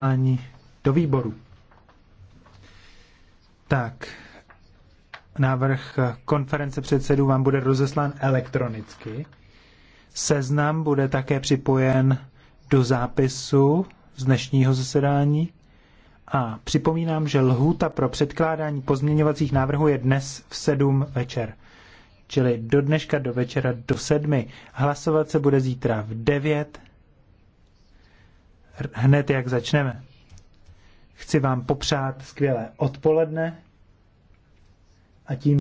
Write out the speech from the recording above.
ani do výboru. Tak, návrh konference předsedů vám bude rozeslán elektronicky. Seznam bude také připojen do zápisu z dnešního zasedání. A připomínám, že lhůta pro předkládání pozměňovacích návrhů je dnes v 7 večer. Čili do dneška do večera do sedmi. Hlasovat se bude zítra v 9 hned, jak začneme. Chci vám popřát skvělé odpoledne a tím